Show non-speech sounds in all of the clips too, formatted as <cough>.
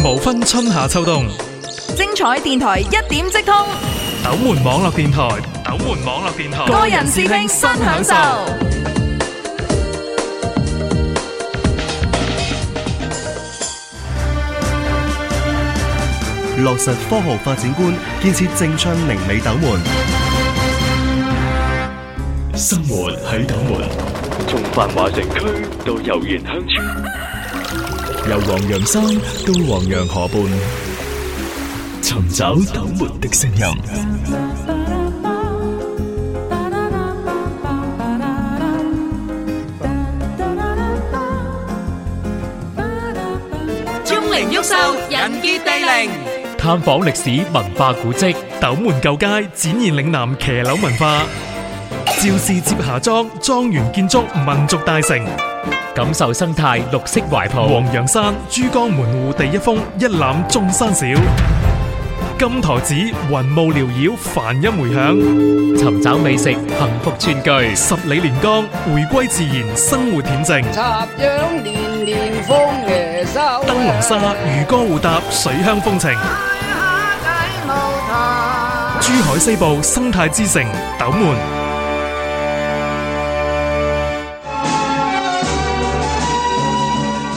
無分春夏秋冬，精彩電台一點即通。斗門網絡電台，斗門網絡電台，個人視聽新享受。落實科學發展觀，建設正春寧美斗門。生活喺斗門，從繁華城區到悠然鄉村。 <laughs> 由黃楊山到黃楊河畔，尋找斗門的聲音。鍾靈毓秀，人傑地靈。探訪歷史文化古跡，斗門舊街展現嶺南騎樓文化。趙氏接霞莊莊園建築，民族大成。感受生態綠色懷抱，黃楊山珠江門戶第一峰，一覽眾山小。金台寺雲霧繚繞，梵音回響。尋找美食，幸福串句。十里蓮江回歸自然，生活恬靜。插秧年年豐收。燈籠沙漁歌互答，水鄉風情。珠海西部生態之城，斗門。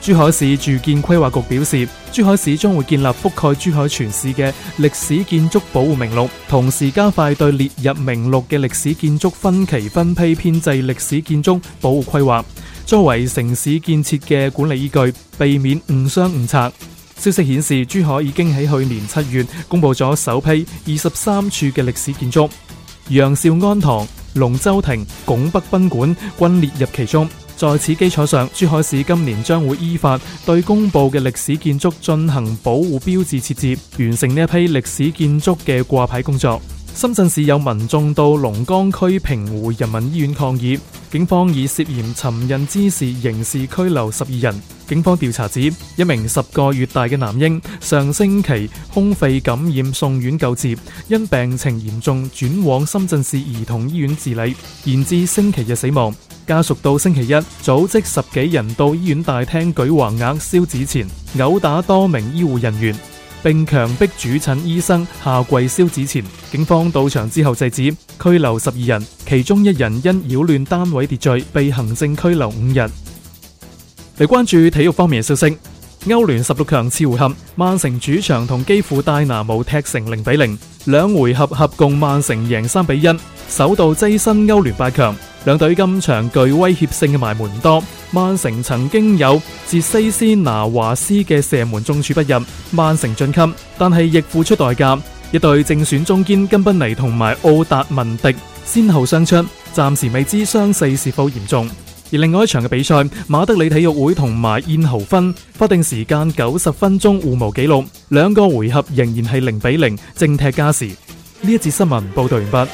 珠海市住建規劃局表示，珠海市將會建立覆蓋珠海全市嘅歷史建築保護名錄，同時加快對列入名錄嘅歷史建築分期分批編製歷史建築保護規劃，作為城市建設嘅管理依據，避免誤傷誤拆。消息顯示，珠海已經喺去年七月公布咗首批二十三處嘅歷史建築，楊兆安堂、龍舟亭、拱北賓館均列入其中。在此基礎上，珠海市今年將會依法對公布嘅歷史建築進行保護標誌設置，完成呢一批歷史建築嘅掛牌工作。深圳市有民眾到龍崗區平湖人民醫院抗議，警方以涉嫌尋釁滋事刑事拘留十二人。警方調查指，一名十個月大嘅男嬰上星期胸肺感染送院救治，因病情嚴重轉往深圳市兒童醫院治理，延至星期日死亡。家屬到星期一組織十幾人到醫院大廳舉橫額、燒紙錢、毆打多名醫護人員。並強迫主診醫生下跪燒紙錢。警方到場之後制止，拘留十二人，其中一人因擾亂單位秩序被行政拘留五日。嚟關注體育方面嘅消息。歐聯十六強次回合，曼城主場同基輔戴拿姆踢成零比零，兩回合合共曼城贏三比一，首度躋身歐聯八強。兩隊今場具威脅性嘅埋門唔多，曼城曾經有自西斯拿華斯嘅射門中柱不入，曼城晉級，但係亦付出代價，一隊正選中堅根賓尼同埋奧達文迪先後傷出，暫時未知傷勢是否嚴重。而另外一場嘅比賽，馬德里體育會同埋燕豪芬，法定時間九十分鐘互無紀錄，兩個回合仍然係零比零，正踢加時。呢一節新聞報道完畢。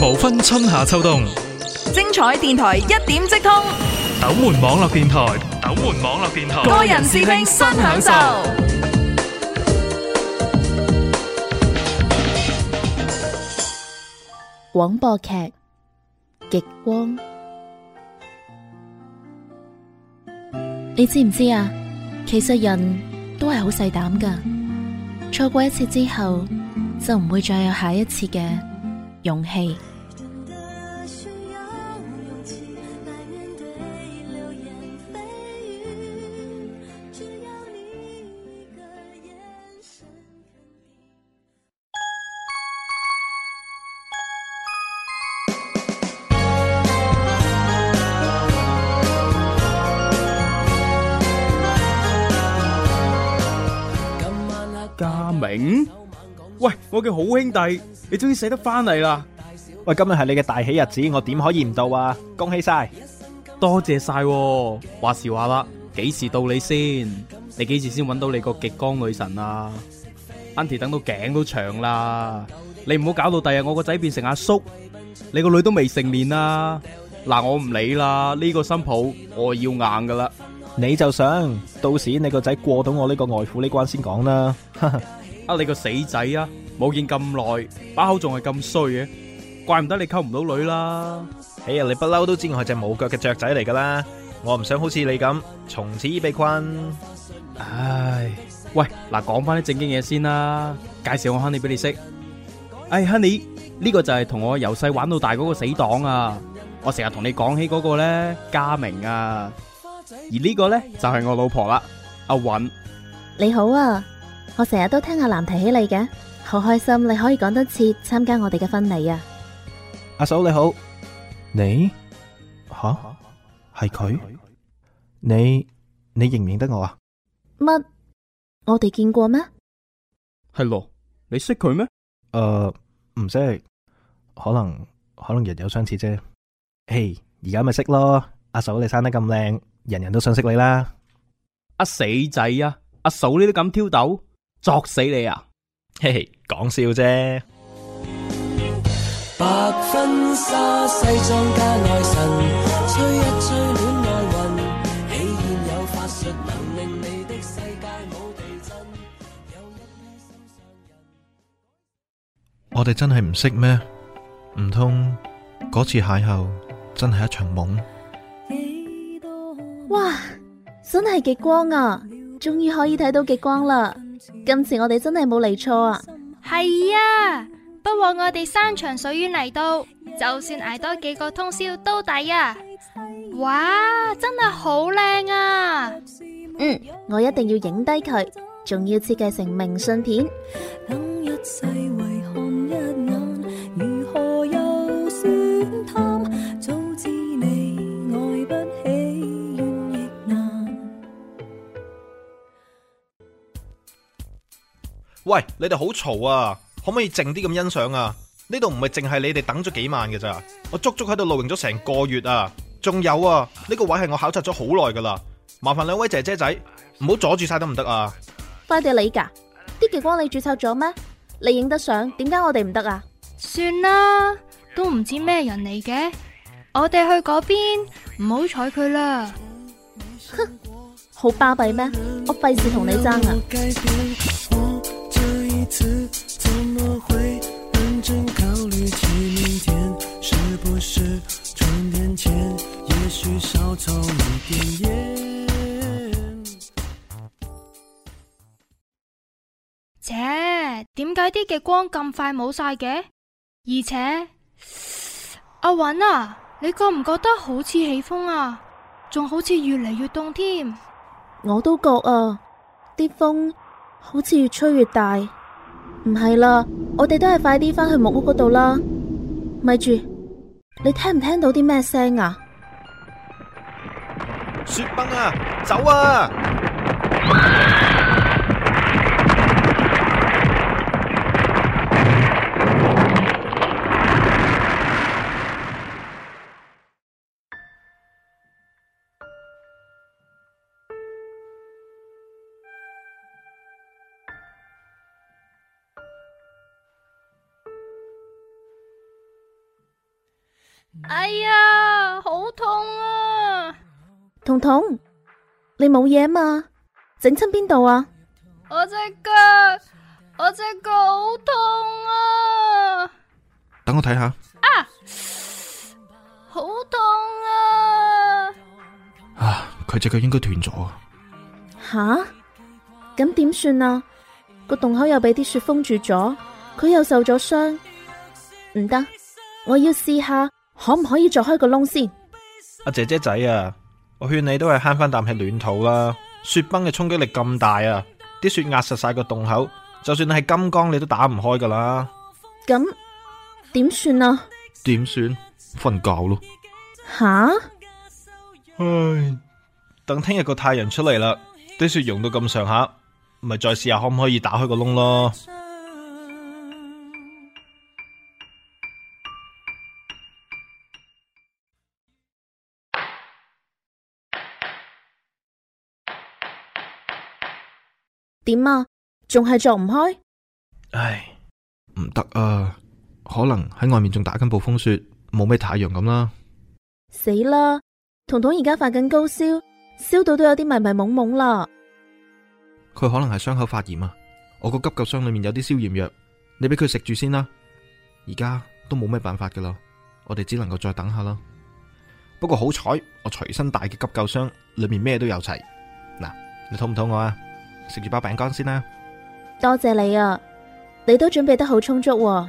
無分春夏秋冬，精彩電台一點即通，斗門網絡電台，斗門網絡電台，個人視聽新享受。廣播劇《極光》，你知唔知啊？其實人都係好細膽㗎，錯過一次之後，就唔會再有下一次嘅勇氣。.嘅好兄弟，你終於捨得翻嚟啦！喂，今日係你嘅大喜日子，我點可以唔到啊？恭喜晒，多謝晒。話時話啦，幾時到你先？你幾時先揾到你個極光女神啊？Auntie 等到頸都長啦，你唔好搞到第日我個仔變成阿叔，你個女都未成年啦！嗱，我唔理啦，呢個新抱我要硬噶啦，你就想到時你個仔過到我呢個外父呢關先講啦。啊！你個死仔啊，冇見咁耐，把口仲係咁衰嘅，怪唔得你溝唔到女啦！哎呀，你不嬲，都知我係隻冇腳嘅雀仔嚟噶啦，我唔想好似你咁從此被困。唉，喂，嗱，講翻啲正經嘢先啦，介紹我 honey 俾你識。哎，honey，呢個就係同我由細玩到大嗰個死黨啊！我成日同你講起嗰個咧，家明啊，而呢個咧就係我老婆啦，阿韻，你好啊。我成日都聽阿南提起你嘅，好開心你可以講得切參加我哋嘅婚禮啊！阿嫂你好，你吓係佢？你你認唔認得我啊？乜？我哋見過咩？係咯， <music> 你識佢咩？誒、呃，唔識，可能可能人有相似啫。嘿，而家咪識咯，阿嫂你生得咁靚，人人都想識你啦！阿、啊、死仔啊！阿嫂你都咁挑逗。作死你啊！嘿嘿，講笑啫。吹吹 <noise> 我哋真係唔識咩？唔通嗰次邂逅真係一場夢？哇！真係極光啊！終於可以睇到極光啦！今次我哋真係冇嚟錯啊！係啊，不枉我哋山長水遠嚟到，就算挨多幾個通宵都抵啊！哇，真係好靚啊！嗯，我一定要影低佢，仲要設計成明信片。等一世為喂，你哋好嘈啊！可唔可以靜啲咁欣賞啊？呢度唔係淨係你哋等咗幾晚嘅咋，我足足喺度露營咗成個月啊！仲有啊，呢、這個位係我考察咗好耐噶啦，麻煩兩位姐姐仔唔好阻住晒得唔得啊？快地你噶？啲極光你注冊咗咩？你影得相，點解我哋唔得啊？算啦，都唔知咩人嚟嘅，我哋去嗰邊唔好睬佢啦。哼，好巴閉咩？我費事同你爭啊！切，點解啲嘅光咁快冇晒嘅？而且，阿韻啊，你覺唔覺得好似起風啊？仲好似越嚟越凍添，啊。我都覺啊，啲風好似越吹越大。唔係啦，我哋都係快啲返去木屋嗰度啦。咪住，你聽唔聽到啲咩聲啊？雪崩啊，走啊！彤彤，你冇嘢吖嘛？整親邊度啊？我隻腳，我隻腳好痛啊！等我睇下啊，好痛啊！啊，佢隻腳應該斷咗啊！吓，咁點算啊？個洞口又俾啲雪封住咗，佢又受咗傷，唔得，我要試下可唔可以再開個窿先？阿姐姐仔啊！我勸你都係慳翻啖氣暖肚啦！雪崩嘅衝擊力咁大啊，啲雪壓實晒個洞口，就算你係金剛，你都打唔開噶啦。咁，嗯，點算啊？點算？瞓覺咯。吓？唉，等聽日個太陽出嚟啦，啲雪融到咁上下，咪再試下可唔可以打開個窿咯。點啊？仲係着唔開？唉，唔得啊！可能喺外面仲打緊暴風雪，冇咩太陽咁啦。死啦！彤彤而家發緊高燒，燒到都有啲迷迷懵懵啦。佢可能係傷口發炎啊！我個急救箱裏面有啲消炎藥，你俾佢食住先啦。而家都冇咩辦法噶啦，我哋只能夠再等下啦。不過好彩，我隨身帶嘅急救箱裏面咩都有齊。嗱，你肚唔肚餓啊？食住包餅乾先啦，多謝你啊！你都準備得好充足喎，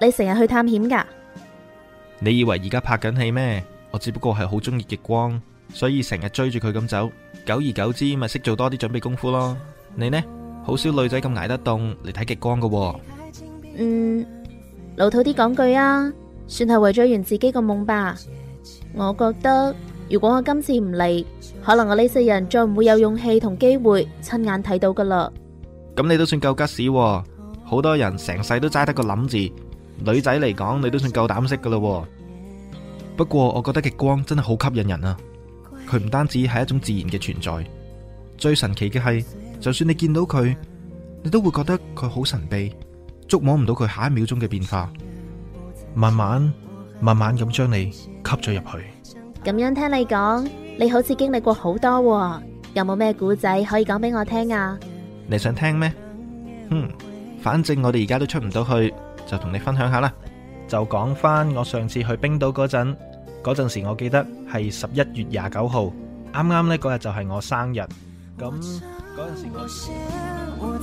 你成日去探險噶？你以為而家拍緊戲咩？我只不過係好中意極光，所以成日追住佢咁走，久而久之咪識做多啲準備功夫咯。你呢？好少女仔咁挨得凍嚟睇極光噶喎？嗯，老土啲講句啊，算係為咗圓自己個夢吧。我覺得。如果我今次唔嚟，可能我呢世人再唔會有勇氣同機會親眼睇到噶啦。咁你都算夠吉屎，好多人成世都齋得個諗字。女仔嚟講，你都算夠膽識噶啦。不過我覺得極光真係好吸引人啊！佢唔單止係一種自然嘅存在，最神奇嘅係，就算你見到佢，你都會覺得佢好神秘，觸摸唔到佢下一秒鐘嘅變化，慢慢慢慢咁將你吸咗入去。咁樣聽你講，你好似經歷過好多，有冇咩故仔可以講俾我聽啊？你想聽咩？嗯，反正我哋而家都出唔到去，就同你分享下啦。就講翻我上次去冰島嗰陣，嗰陣時我記得係十一月廿九號，啱啱呢嗰日就係我生日。咁嗰陣時我。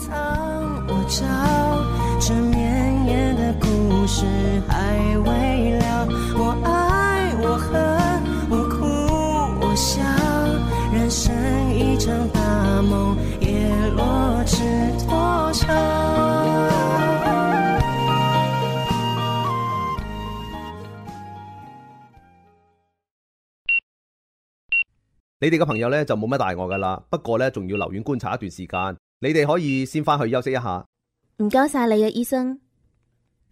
你哋嘅朋友咧就冇乜大礙噶啦，不過咧仲要留院觀察一段時間。你哋可以先翻去休息一下。唔該晒，你嘅醫生。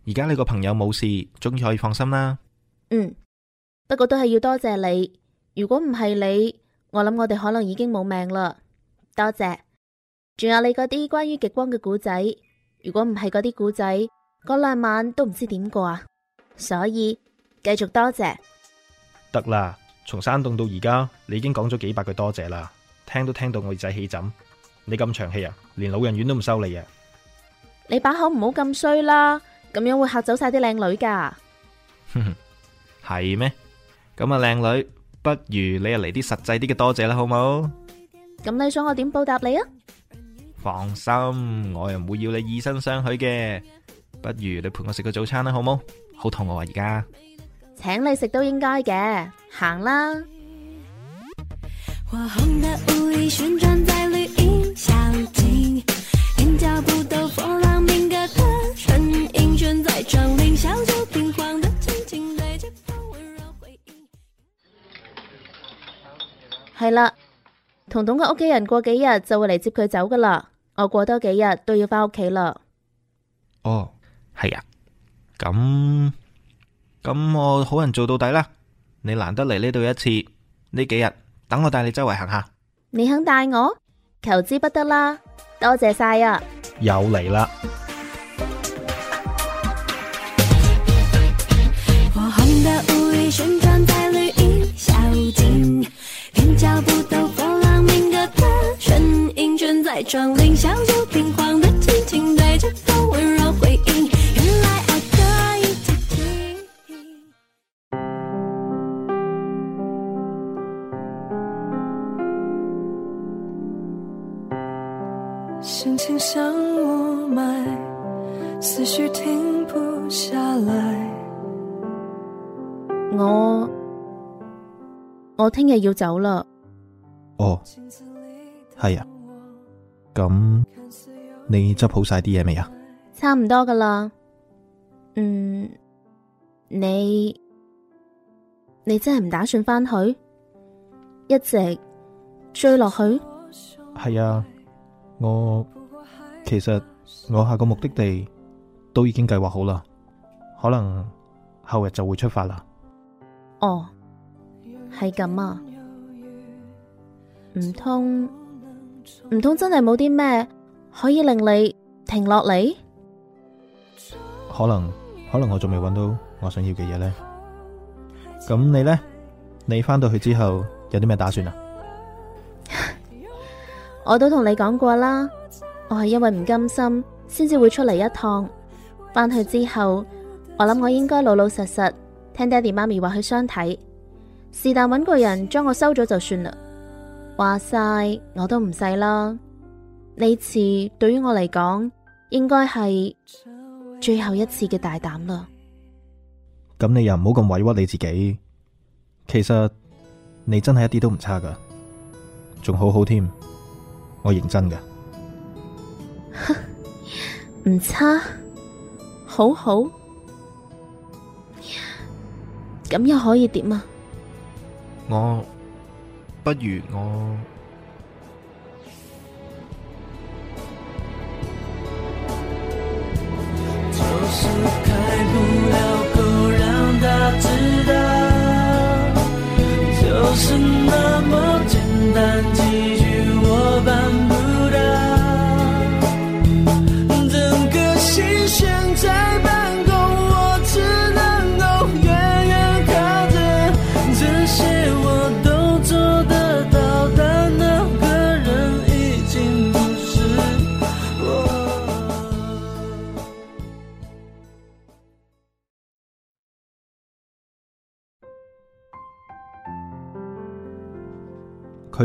而家你個朋友冇事，終於可以放心啦。嗯，不過都係要多謝你。如果唔係你，我諗我哋可能已經冇命啦。多謝。仲有你嗰啲關於極光嘅故仔，如果唔係嗰啲故仔，嗰兩晚都唔知點過啊。所以繼續多謝。得啦。從山洞到而家，你已經講咗幾百句多謝啦，聽都聽到我耳仔氣枕。你咁長氣啊，連老人院都唔收你啊！你把口唔好咁衰啦，咁樣會吓走晒啲靚女噶。係咩？ <laughs> 咁、嗯、啊，靚女，不如你又嚟啲實際啲嘅多謝啦，好冇？咁你想我點報答你啊？放心，我又唔會要你以身相許嘅。不如你陪我食個早餐啦，好冇？好肚餓啊而家。請你食都應該嘅，行啦。係 <music> <music> 啦，彤彤嘅屋企人過幾日就會嚟接佢走噶啦。我過多幾日都要返屋企啦。哦，係啊，咁。咁、嗯、我好人做到底啦！你難得嚟呢度一次，呢幾日等我帶你周圍行下。你肯帶我？求之不得啦！多謝晒啊！又嚟啦！ <music> 聽日要走啦，哦，係啊。咁你執好晒啲嘢未啊？差唔多噶啦。嗯，你嗯你，你真係唔打算翻去，一直追落去？係啊，我其實我下個目的地都已經計劃好啦，可能後日就會出發啦。哦。係咁啊，唔通唔通真係冇啲咩可以令你停落嚟？可能可能我仲未揾到我想要嘅嘢呢。咁你呢？你返到去之後有啲咩打算啊？ <laughs> 我都同你講過啦，我係因為唔甘心先至會出嚟一趟。返去之後，我諗我應該老老實實聽爹哋媽咪話去相睇。是但揾個人將我收咗就算啦，話晒我都唔細啦。呢次對於我嚟講，應該係最後一次嘅大膽啦。咁你又唔好咁委屈你自己。其實你真係一啲都唔差噶，仲好好添。我認真㗎，唔 <laughs> 差，好好，咁又可以點啊？我不如我。就是開不了口，讓他知道，就是。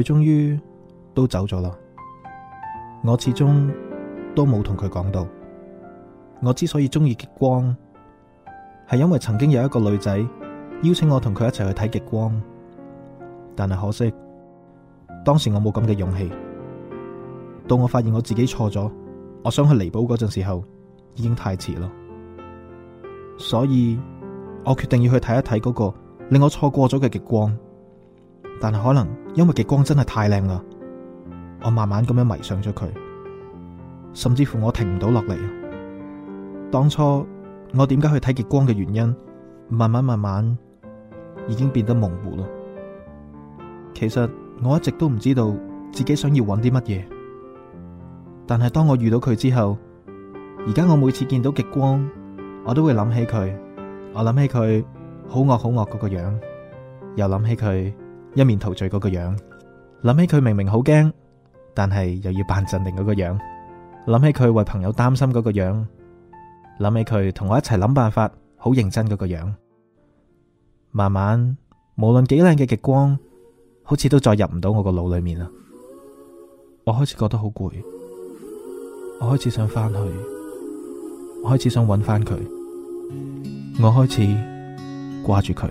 佢終於都走咗啦，我始終都冇同佢講到。我之所以中意極光，係因為曾經有一個女仔邀請我同佢一齊去睇極光，但係可惜當時我冇咁嘅勇氣。到我發現我自己錯咗，我想去彌補嗰陣時候已經太遲啦，所以我決定要去睇一睇嗰個令我錯過咗嘅極光。但係可能因為極光真係太靚啦，我慢慢咁樣迷上咗佢，甚至乎我停唔到落嚟。當初我點解去睇極光嘅原因，慢慢慢慢已經變得模糊咯。其實我一直都唔知道自己想要揾啲乜嘢，但係當我遇到佢之後，而家我每次見到極光，我都會諗起佢，我諗起佢好惡好惡嗰個樣，又諗起佢。一面陶醉嗰個樣，諗起佢明明好驚，但係又要扮鎮定嗰個樣，諗起佢為朋友擔心嗰個樣，諗起佢同我一齊諗辦法，好認真嗰個樣。慢慢，無論幾靚嘅極光，好似都再入唔到我個腦裏面啦。我開始覺得好攰，我開始想翻去，我開始想搵翻佢，我開始掛住佢。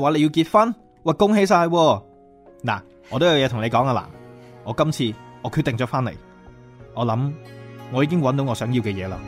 話你要結婚，哇恭喜晒喎！嗱，我都有嘢同你講啊啦，我今次我決定咗翻嚟，我諗我已經揾到我想要嘅嘢啦。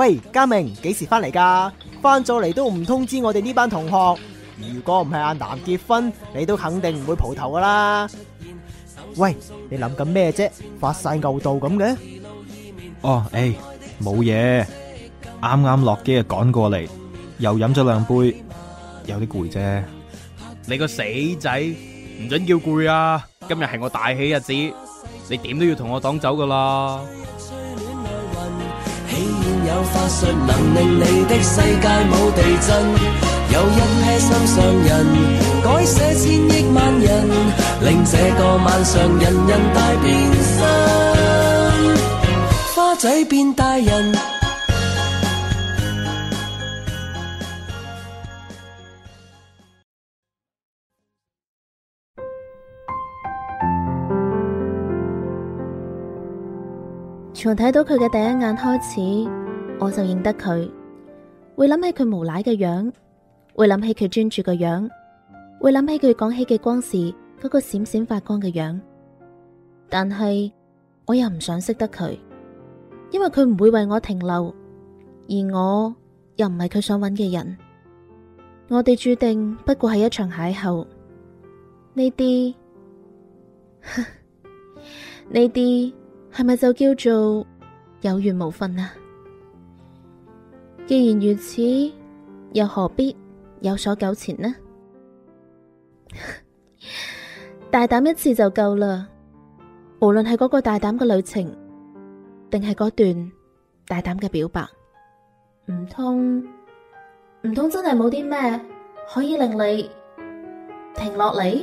喂，嘉明，幾時翻嚟噶？翻咗嚟都唔通知我哋呢班同學。如果唔係阿男結婚，你都肯定唔會蒲頭噶啦。喂，你諗緊咩啫？發晒牛道咁嘅。哦，誒，冇嘢，啱啱落機啊，趕過嚟，又飲咗兩杯，有啲攰啫。你個死仔，唔准叫攰啊！今日係我大喜日子，你點都要同我擋酒噶啦！有法術能令你的世界冇地震，有一撇心上人，改寫千億萬人，令這個晚上人人大變身，花仔變大人。從睇到佢嘅第一眼開始。我就認得佢，會諗起佢無賴嘅樣，會諗起佢專注嘅樣，會諗起佢講起嘅光時，嗰個閃閃發光嘅樣。但係我又唔想識得佢，因為佢唔會為我停留，而我又唔係佢想揾嘅人。我哋注定不過係一場邂逅。呢啲呢啲係咪就叫做有緣無份啊？既然如此，又何必有所糾纏呢？ <laughs> 大膽一次就夠啦！無論係嗰個大膽嘅旅程，定係嗰段大膽嘅表白，唔通唔通真係冇啲咩可以令你停落嚟？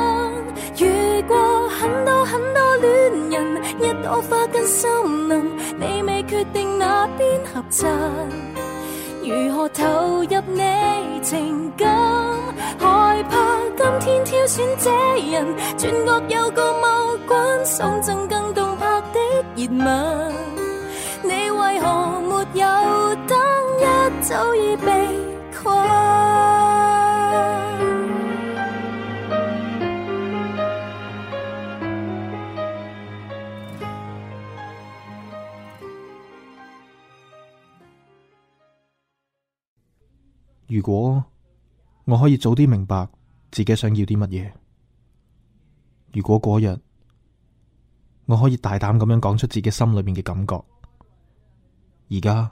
遇過很多很多戀人，一朵花跟森林，你未決定哪邊合襯，如何投入你情感？ <noise> 害怕今天挑選這人，轉角有個某君，送贈更動魄的熱吻。你為何沒有等？一早已被困。如果我可以早啲明白自己想要啲乜嘢，如果嗰日我可以大膽咁樣講出自己心裏面嘅感覺，而家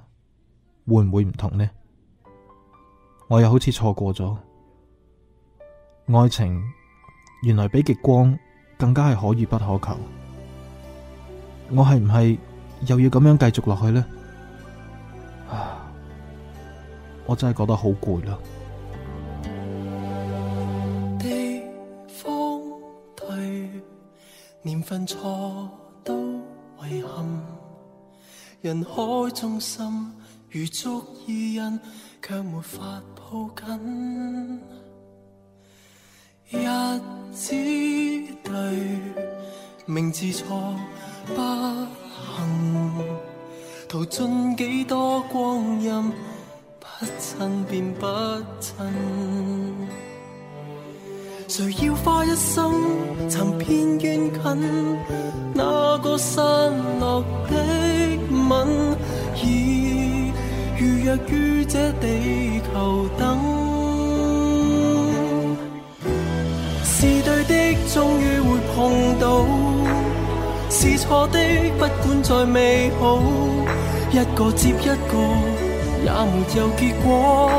會唔會唔同呢？我又好似錯過咗愛情，原來比極光更加係可遇不可求。我係唔係又要咁樣繼續落去呢？我真係覺得好攰啦。地方對年份錯都遺憾，人海中心如捉伊人，卻沒法抱緊。日子對名字錯不幸，途盡幾多光陰。不親便不親，誰要花一生尋遍遠近？那個散落的吻，已預約於這地球等。是對的，終於會碰到；是錯的，不管再美好，一個接一個。也沒有結果，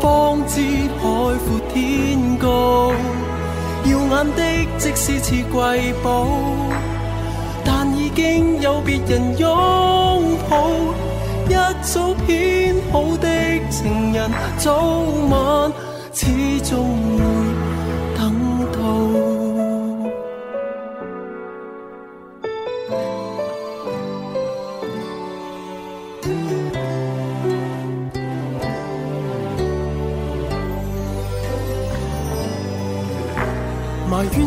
方知海闊天高。耀眼的即使似瑰寶，但已經有別人擁抱。一早編好的情人，早晚始終會。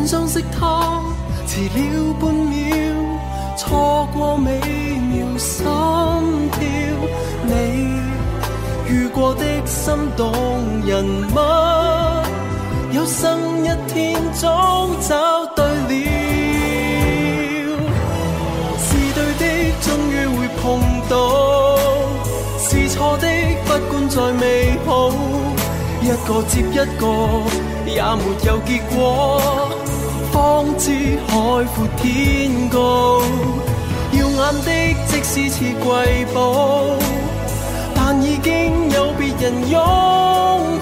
相識他遲了半秒，錯過美妙心跳。你遇過的心動人物，有生一天終找對了，是對的終於會碰到，是錯的不管再美好，一個接一個也沒有結果。方知海闊天高，耀眼的即使似瑰寶，但已經有別人擁。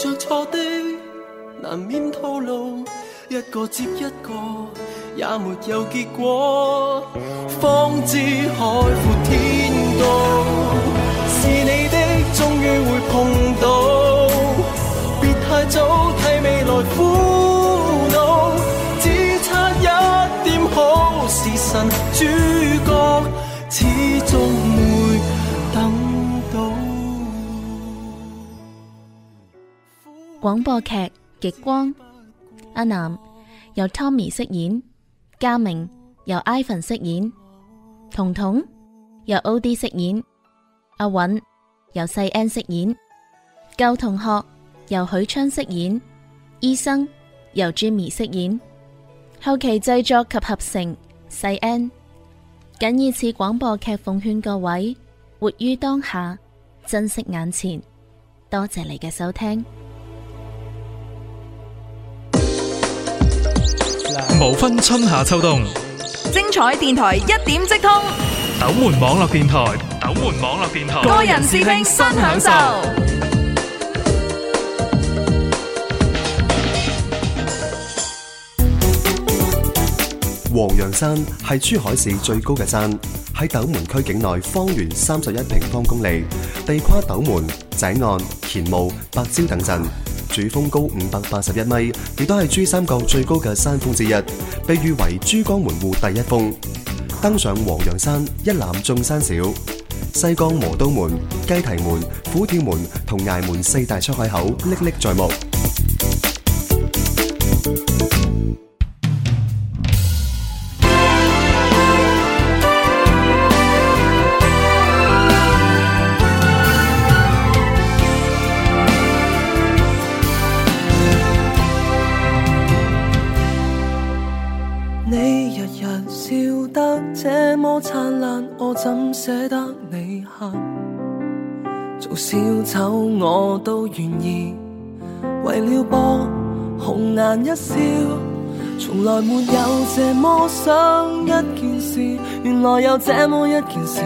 着錯的難免吐露，一個接一個也沒有結果。方知海闊天高，是你的終於會碰到，別太早替未來苦惱，只差一點好，是神主角。廣播劇《極光》，阿南由 Tommy 飾演，嘉明由 Ivan 飾演，彤彤由 Od 飾演，阿韻由細 N 飾演，舊同學由許昌飾演，醫生由 Jimmy 飾演，後期製作及合成細 N。僅以此廣播劇奉勸各位，活於當下，珍惜眼前。多謝你嘅收聽。無分春夏秋冬，精彩電台一點即通。斗門網絡電台，斗門網絡電台，個人視聽新享受。黃楊山係珠海市最高嘅山，喺斗門區境內，方圓三十一平方公里，地跨斗門、井岸、乾務、白蕉等鎮。主峰高五百八十一米，亦都係珠三角最高嘅山峰之一，被譽為珠江門戶第一峰。登上黃楊山，一覽眾山小，西江磨刀門、雞啼門、虎跳門同崖門四大出海口歷歷在目。小丑我都願意，為了博紅顏一笑，從來沒有這麼想一件事，原來有這麼一件事，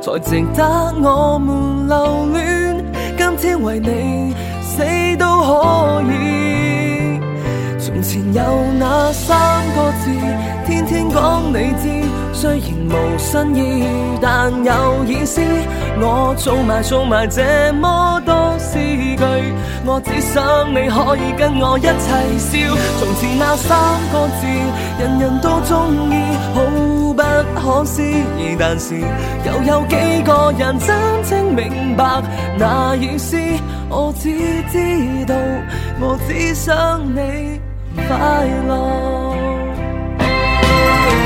才值得我們留戀。今天為你死都可以，從前有那三個字。天天講你知，雖然無新意，但有意思。我做埋做埋這麼多詩句，我只想你可以跟我一齊笑。從前那三個字，人人都鍾意，好不可思議。但是又有，有幾個人真正明白那意思？我只知道，我只想你快樂。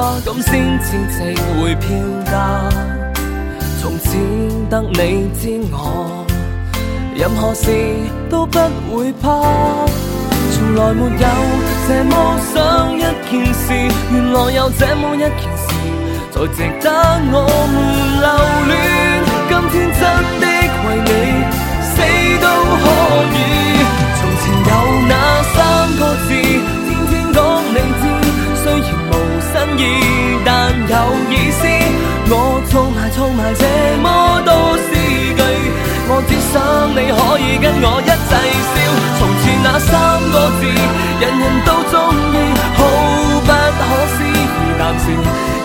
話咁先，感情會飄價。從此得你知我，任何事都不會怕。從來沒有這麼想一件事，原來有這麼一件事，才值得我們留戀。今天真的。做埋做埋這麼多詩句，我只想你可以跟我一齊笑。從前那三個字，人人都锺意，好不可思議。但是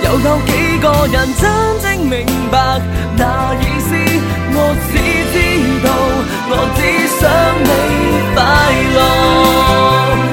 又有幾個人真正明白那意思？我只知道，我只想你快樂。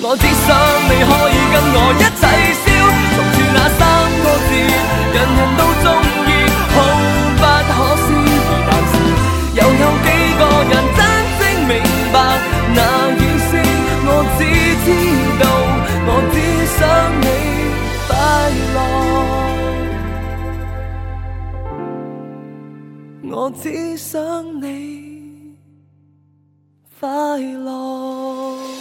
我只想你可以跟我一齊笑，重複那三個字，人人都锺意，好不可思議。但是又有幾個人真正明白那意思？我只知道，我只想你快樂，我只想你快樂。